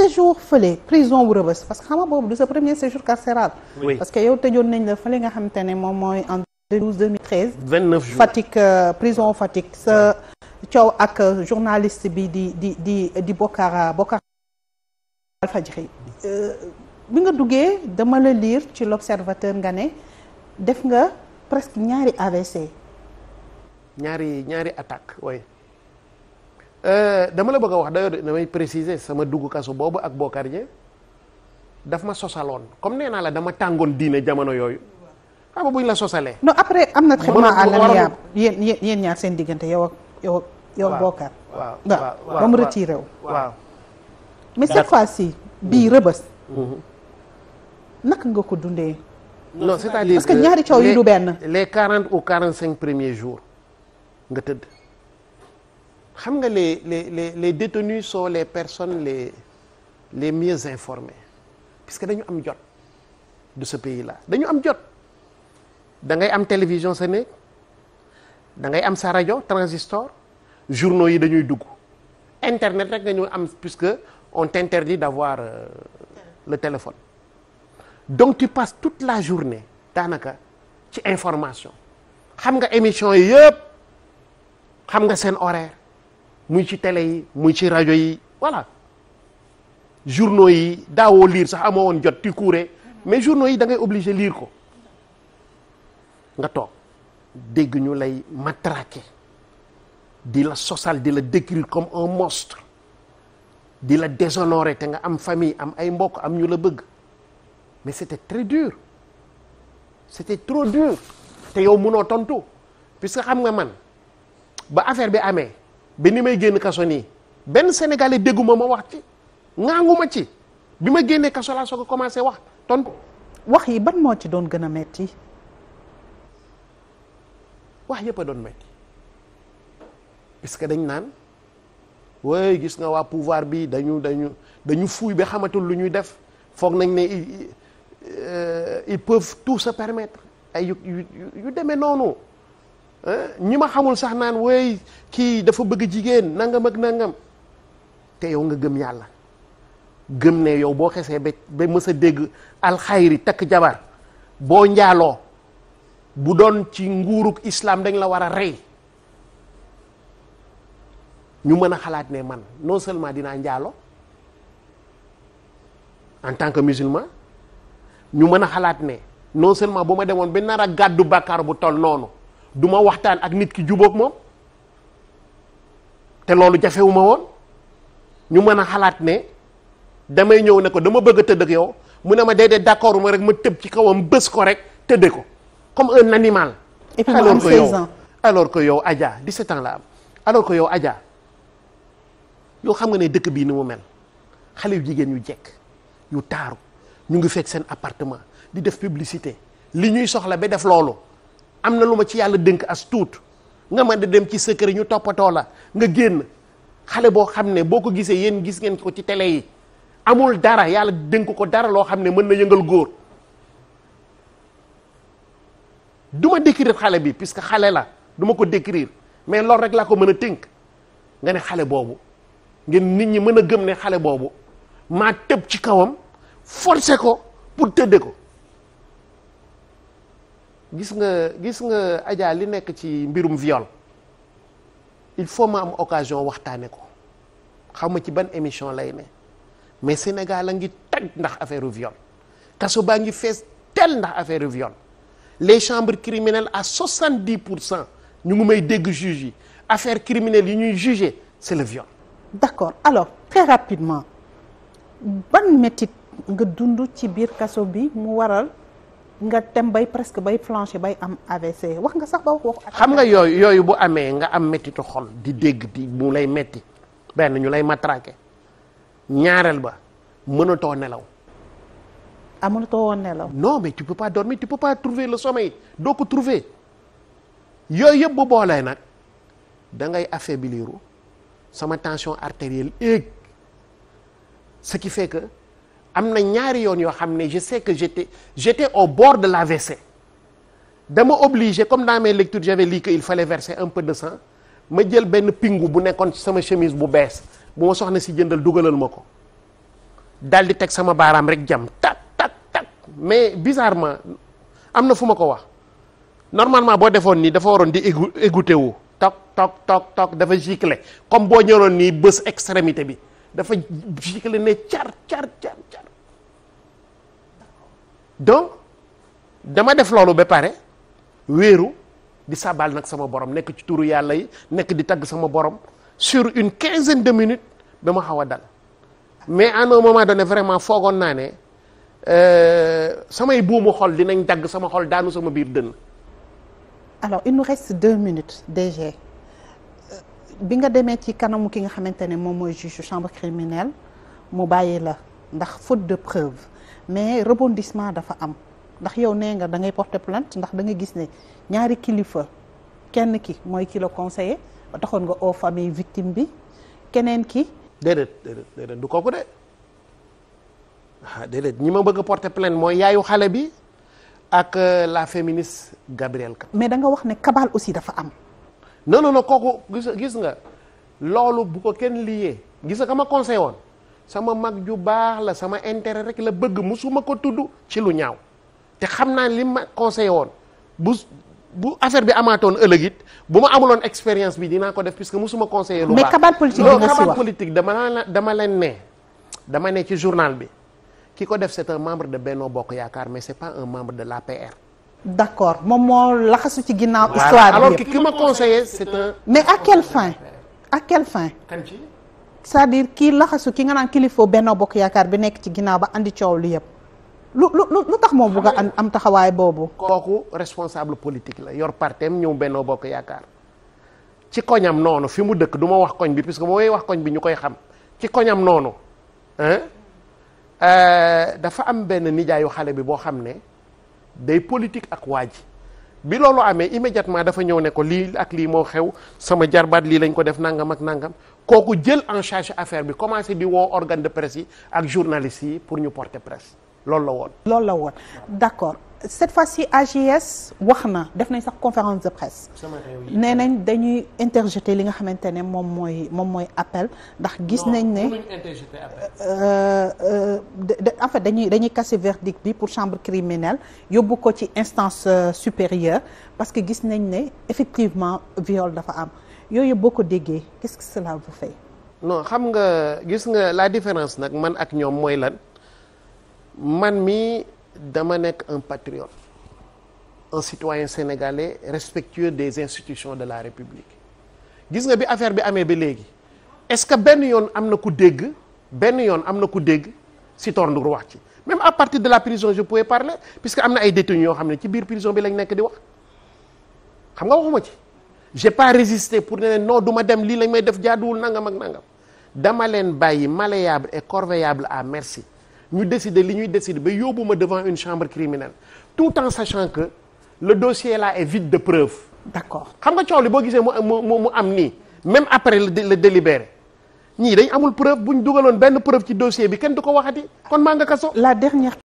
séjour fële prison wu rëbës parce que xam nga boobu du sa premier séjour carcéral oui. parce que yow tëjoon nañ la fële nga xamante ne moom mooy en 2012 2013 29 jours Fatick euh, prison Fatick sa coow ak journaliste bi di di di di Bokar Bokar Alfadjri euh, bi nga duggee dama la lire ci l'observateur nga ne def nga presque ñaari AVC ñaari attaque Euh, dama la bëgg a wax d'ailleurs damay préciser sama dugg kaso boobu ak Bokar Dieng daf ma sosaloon comme nee naa la dama tàngoon diine jamono yooyu xam nga buñ la sosalee. non après am na xidma à l'amiable yéen ñaar seen diggante yow ak yow ak yow ak Bokar. waaw waaw mm-hmm. Mm-hmm. nga ko dundee. non c'est-à-dire que ñaari coow yi du benn. les quarante ou quarante cinq premier jours nga tëdd. xam nga les les les les détenus sont les personnes les les mieux informées puisque dañu am jot de ce pays là dañu am jot da ngay am télévision sa néeg da ngay am sa rajo transistor journaux yi dañuy dugg internet rek nga ñu am puisque on t'interdit d'avoir euh, le téléphone donc tu passes toute la journée daanaka ci information xam nga émission yi yëpp xam nga seen horaire muy ci télé yi muy ci rajo yi voilà journaux yi daawoo liir sax amoo woon jot ti kuure mais journaux yi da ngay obligé lire ko nga toog dégg ñu lay matrake di la sosal di la décrire comme un monstre di la déshonorer te nga am famille am ay mbokk am ñu la bëgg mais c'était très dur c'était trop dur te yow mënoo tontu puisque xam nga man ba affaire bi amee ba may génn kaso nii benn sénégalais dégguma ma wax ci ŋaanguma ci bi ma génnee kaso laa soog a commencé wax ton wax yi ban moo ci doon gën a metti wax yëpp a doon metti parce que dañ naan way gis nga waa pouvoir bi dañu dañu dañu fuuy ba xamatul lu ñuy def foog nañ ne euh, ils peuvent tout se permettre ay yu yu demee noonu Eh? ñi ma xamul sax naan wooy kii dafa bëgg jigéen nangam ak nangam te yow nga gëm yàlla gëm ne yow boo xesee ba ba mës a dégg alxayri takk jabar boo njaaloo bu doon ci nguuruk islaam dañ la war a rey ñu mën a xalaat ne man non seulement dinaa njaalo en tant que musulman ñu mën a xalaat ne non seulement bu ma demoon ba nar gàddu bàkkaar bu tol noonu duma waxtaan ak nit ki jubook moom te loolu jafewuma woon ñu mën a xalaat ne damay ñëw ne ko dama bëgg a tëdd ak yow mu ne ma déedéet d'accord ma rek ma tëb ci kawam bës ko rek tëdde ko comme un animal. et puis yow ajaa di yow Adja la am alors que yow ajaa yoo xam nga ne dëkk bii ni mu mel xale yu jigéen yu jekk yu taaru ñu ngi fekk seen appartement di def publicité li ñuy soxla ba def loolu. am na lu ma ci yàlla dénk as tuut nga mën a dem ci sa kër ñu toppatoo la nga génn xale boo xam ne boo ko gisee yéen gis ngeen ko ci tele yi amul dara yàlla dénk ko dara loo xam ne mën na yëngal góor du ma décrire xale bi puisque xale la duma ko décrire mais loolu rek laa ko mën a tënk nga ne xale boobu ngeen nit ñi mën a gëm ne xale boobu maa tëb ci kawam forcé ko pour tëdde ko gis nga gis nga Adja li nekk ci mbirum viol il faut ma am occasion waxtaane ko xaw ma ci ban émission lay ne mais Sénégal a ngi taj ndax affaire viol kaso baa ngi fees tel ndax affaire viol les chambres criminelles à 70 pour cent ñu ngi may dégg juge yi affaire criminelle yi ñuy juger c'est le viol. d'accord alors très rapidement ban métit nga dund ci biir kaso bi mu waral nga tem bay presque bay flanché bay am AVC wax nga sax ba wax wax. xam nga yooyu yooyu bu amee nga am mettitu xol di dégg di mu lay metti na ñu lay matraqué ñaareel ba mënatoo nelaw. amunatoo woon nelaw. non mais tu peux pas dormir tu peux pas trouver la somai doo ko trouver yooyu yëpp bu boolee nag da ngay affaiblir sama tension artériel éeg ce qui fait am na ñaari yoon yoo xam ne je sais que j'étais j'étais au bord de l'AVC dama obligé comme dans mes lectures j'avais lu que il fallait verser un peu de sang ma jël benn pingu bu nekkoon ci sama chemise bu bees bu ma soxna si jëndal dugalal ma ko daal di teg sama baaraam rek jam tak tak tak mais bizarrement am na fu ma ko wax normalement boo defoon nii dafa waroon di égu égoutté wu toog toog toog toog dafa giclé comme boo ñoroon nii bës extrémité bi dafa giclé ne car car car donc dama def loolu ba pare wéeru di sabal nag sama borom nekk ci turu yàlla yi nekk di tagg sama borom sur une quinzaine de minutes ba ma xaw a dal mais à un moment ne vraiment foogoon naa ne euh, samay buumu xol dinañ dagg sama xol daanu sama biir dënn alors une nous reste deux minutes DG euh, bi nga demee ci kanamu ki nga xamante ne moom mooy juge chambre criminelle mu bàyyi la ndax faute de preuve mais rebondissement dafa am ndax yow nee nga da ngay porter plainte ndax da nga gis ne ñaari kilifa kenn ki mooy kilo la conseiller ba taxoon nga oo famille victime bi keneen ki. déedéet déedéet déedéet du kooku de ah déedéet ñi ma bëgg porte porter mooy yaayu xale bi ak euh, la féministe Gabrielle Ka. mais da nga wax ne kabal aussi dafa am. non non non kooku gis gis nga loolu bu ko kenn liyee gis nga ka ma conseillé woon. sama mag ju baax la sama intérêt rek la bëgg musuma ko tudd ci lu ñaaw te xam naa li ma conseillé woon bu bu affaire bi amaatoon ëllëg it bu ma amuloon expérience bi dinaa ko def puisque musuma conseillé lu baax mais kabaat politique non kabaat politique dama dama leen ne dama ne ci journal bi ki ko def c'est un membre de Benno Bokk Yaakaar mais c'est pas un membre de l'APR d'accord moom moo laxasu ci ginnaaw histoire bi alors que ki ma conseillé un mais à quelle fin à quelle fin cest diir dire kii laxasu ki nga naan kilifa Benno Bokk Yaakaar bi nekk ci ginnaaw ba andi coow li yëpp lu lu lu tax moom bugg am taxawaay boobu. kooku responsable politique la yor partem ñëw Benno Bokk Yaakaar ci koñam noonu fi mu dëkk du ma wax koñ bi puisque boo wax koñ bi ñu koy xam ci koñam noonu euh, dafa am benn nijaayu xale bi boo xam ne day politique ak waa ji bi loolu amee immédiatement dafa ñëw ne ko lii ak lii moo xew sama jarbaat lii lañ ko def nangam ak nangam kooku jël en charge affaire bi commencé di woo organe de presse yi ak journalistes yi pour ñu porter presse loolu la woon. loolu la woon d'accord cette fois-ci AGS wax na def nañ sax conférence de presse. nee dañuy interjeter li nga xamante ne moom mooy moom mooy appel. ndax gis nañ ne euh, euh, en fait dañuy dañuy casser verdict bi pour chambre criminelle yóbbu ko ci instance euh, supérieure parce que gis nañ ne effectivement viole dafa am. yooyu boo ko déggee qu'est-ce que cela vous fait non xam nga gis nga la différence nag man ak ñoom mooy lan man mii dama nekk un patriote un citoyen sénégalais respectueux des institutions de la République gis nga bi affaire bi amee ba léegi est-ce que benn yoon am na ku dégg benn yoon am na ku dégg si torndur wax ci même à partir de la prison je pouvais parler puisque am na ay détenus yoo xam ne ci biir prison bi lañ nekk di wax xam nga waxuma ci j'ai pas résisté pour ne leen non du dem lii lañ may def jaaduwul nangam ak nangam dama leen bàyyi malléable et corvéable à merci ñu décider li ñuy décider ba yóbbu ma devant une chambre criminelle tout temps sa que le dossier là est vide de preuve. d'accord xam nga coow li boo gisee mu mu mu am nii même après le délibéré ñii dañ amul preuve bu ñu dugaloon benn preuve ci dossier bi kenn du ko waxati kon maa nga kaso. la dernière.